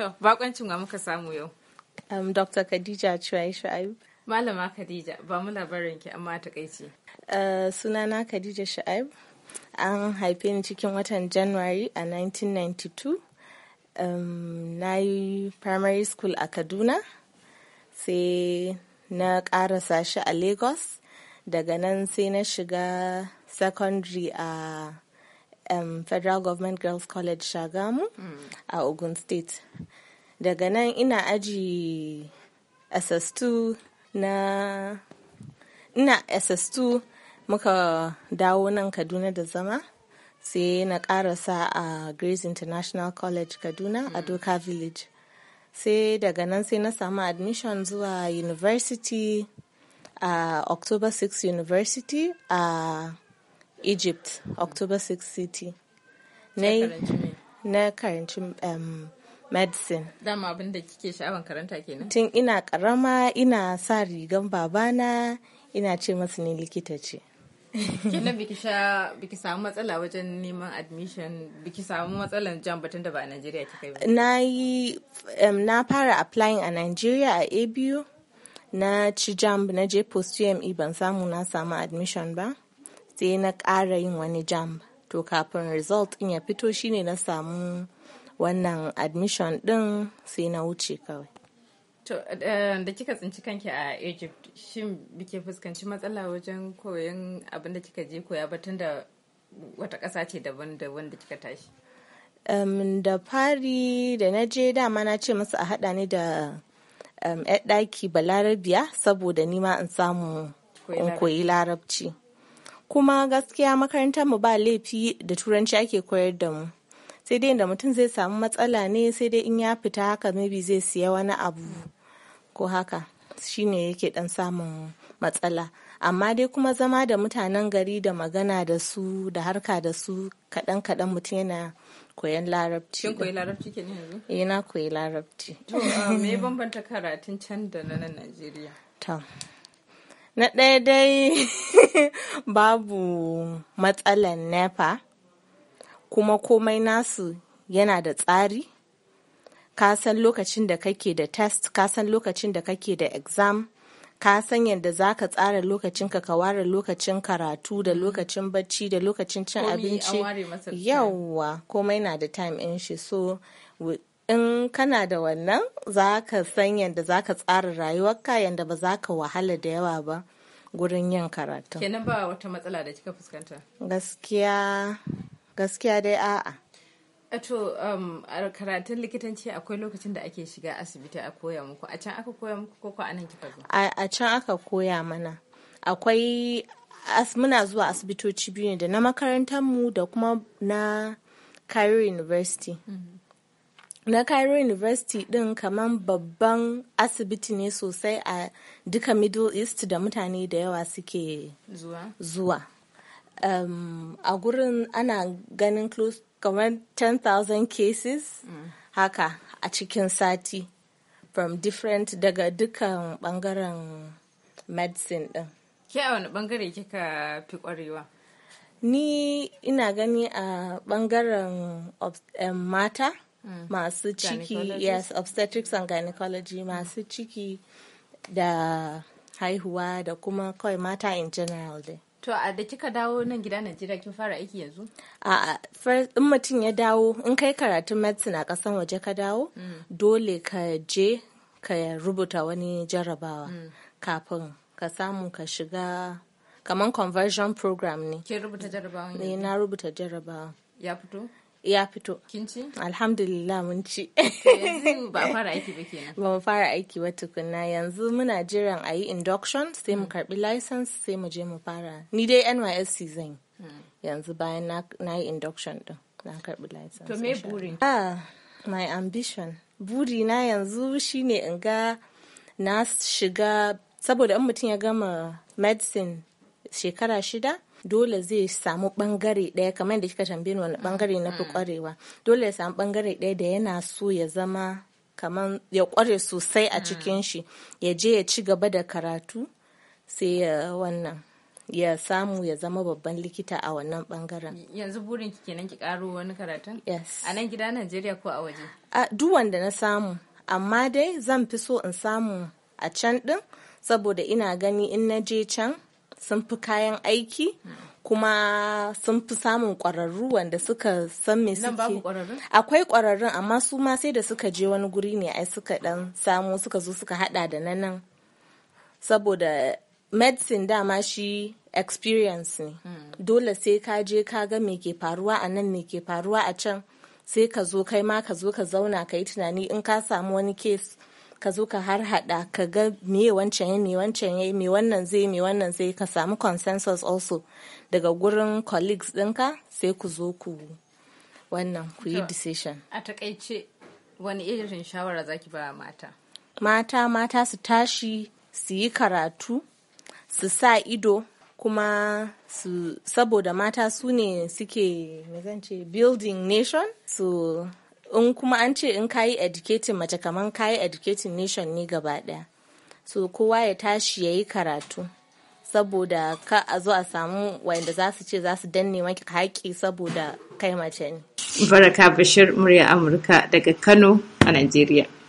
To, bakoncin wa muka samu yau. Um, Dr. Khadija Chuai Shu'aib. Malama Khadija, ba mu labarin ki amma takaici. Uh, sunana Khadija Shu'aib. An haife ni cikin watan January a 1992. Um, na yi primary school a Kaduna, sai na ƙarasa shi a Lagos. Daga nan sai na shiga secondary a um, federal government girls college shagamu mm. a ogun state daga nan ina aji ss2 na ina ss2 muka dawo nan kaduna da zama sai na karasa a grace international college kaduna mm. a doka village sai daga nan sai na samu admission zuwa university a uh, october 6 university a uh, egypt october 6 city na karancin um, medicine. Dama abin da kike sha'awan karanta kenan? Tun ina karama ina sa rigan babana ina ce masu ne likita ce. kina biki sha biki samu matsala wajen neman admission biki samu matsalan jan batun da ba a Najeriya kika yi Na yi um, na fara applying a Najeriya a ABU na ci jamb na je post UME ban samu na samu admission ba. sai na ƙara yin wani jam to kafin result in ya fito shine na samu wannan admission ɗin sai na wuce kawai to eh, da kika tsinci kanki a egypt shin bike fuskanci matsala wajen koyon abin da kika je koya ba tun wata ƙasa ce daban da wanda kika tashi um, da fari da na je dama na ce masu a haɗa ni da um, ɗaki balarabiya saboda nima in samu in koyi larabci kuma gaskiya makarantar mu ba laifi da turanci ake koyar da mu sai dai da mutum zai samu matsala ne sai dai in ya fita haka maybe zai siya wani abu ko haka shine yake dan samun matsala amma dai kuma zama da mutanen gari da magana da su da harka da su kaɗan kaɗan mutum yana koyan larabci kin koyi larabci ke ne yanzu eh, koyi larabci to ah, me bambanta karatun can da na Najeriya na ɗaya dai babu matsalan nepa kuma komai nasu yana da tsari kasan lokacin da kake da test kasan lokacin da kake da exam ka san yadda za ka tsara lokacinka ka ware lokacin karatu da mm-hmm. lokacin bacci da lokacin cin abinci yawwa komai na da time in shi so in kana da wannan za ka san yadda za ka tsara rayuwarka yadda ba za ka wahala da yawa ba gurin yin karatu. Kenan ba wata matsala da kika fuskanta? Gaskiya gaskiya dai a'a. Ato um, a karatun likitanci akwai lokacin da ake shiga asibiti a koya muku a can aka koya muku koko a nan kika zo? A can aka koya mana. Akwai as muna zuwa asibitoci biyu da na makarantar mu da kuma na Cairo University. Mm -hmm. na cairo university din kaman babban asibiti ne sosai a duka middle east da mutane da yawa suke zuwa um, a gurin ana ganin close kamar 10,000 cases mm. haka a cikin sati from different daga dukkan bangaren medicine din ke a wani bangare kika fi kwarewa ni ina gani a bangaren bangaren um, mata Mm. masu ciki yes obstetrics and gynecology mm. masu ciki da haihuwa da kuma kawai mata in general dai To a da kika dawo nan gida Najeriya kin fara aiki yanzu? A in mutum ya dawo in kai karatun medicine a kasan waje ka dawo mm. dole ka je ka rubuta wani jarabawa. kafin ka samu ka shiga kaman conversion program ne. Kin rubuta jarabawa eh, Ne na rubuta jarabawa Ya fito? ya fito. Kin ci? Alhamdulillah mun ci. Yanzu ba fara aiki ba kenan. Ba mu fara aiki ba tukunna yanzu muna jiran a yi induction sai mu hmm. karbi license sai mu je mu fara. Ni dai NYSC zan hmm. yanzu bayan na yi induction din na karbi license. To me burin? Ah, my ambition. Buri na yanzu shine in ga na shiga saboda in mutum ya gama medicine shekara shida dole zai samu bangare ɗaya kamar da kika tambaye wani bangare mm. na fi kwarewa mm. dole ya samu bangare ɗaya da yana so ya zama kamar ya kware sosai a mm. cikin shi ya je ya ci gaba da karatu sai ya wannan ya samu ya zama babban likita a wannan bangaren. Yanzu burin ki kenan ki karo wani karatun? Yes. A nan gida Najeriya ko a waje? A duk wanda na samu, amma dai zan fi so in samu a can din saboda ina gani in na je can sun fi kayan aiki kuma sun fi samun ƙwararru wanda suka san me suke akwai ƙwararrun amma su ma sai da suka je wani guri ne ai suka dan samu suka zo suka hada da na nan saboda medicine dama shi experience ne hmm. dole sai ka je ka ga me ke faruwa a nan me ke faruwa a can sai ka zo kai ma ka zo ka zauna ka yi tunani in ka samu wani case ka zo ka har hada ka ga me wancan ya me wancan ya me wannan zai me wannan zai ka samu consensus also daga gurin colleagues ɗinka sai ku zo ku wannan ku yi decision a takaice wani irin shawara zaki ba mata mata mata su tashi su yi karatu su sa ido kuma su saboda mata su ne suke building nation su in kuma an ce in kayi educating mace kaman kayi educating nation ne gaba daya so kowa ya tashi ya yi karatu saboda ka a zo a samu wanda za su ce za su danne maki haƙi saboda kai mace ne baraka bashir murya amurka daga kano a najeriya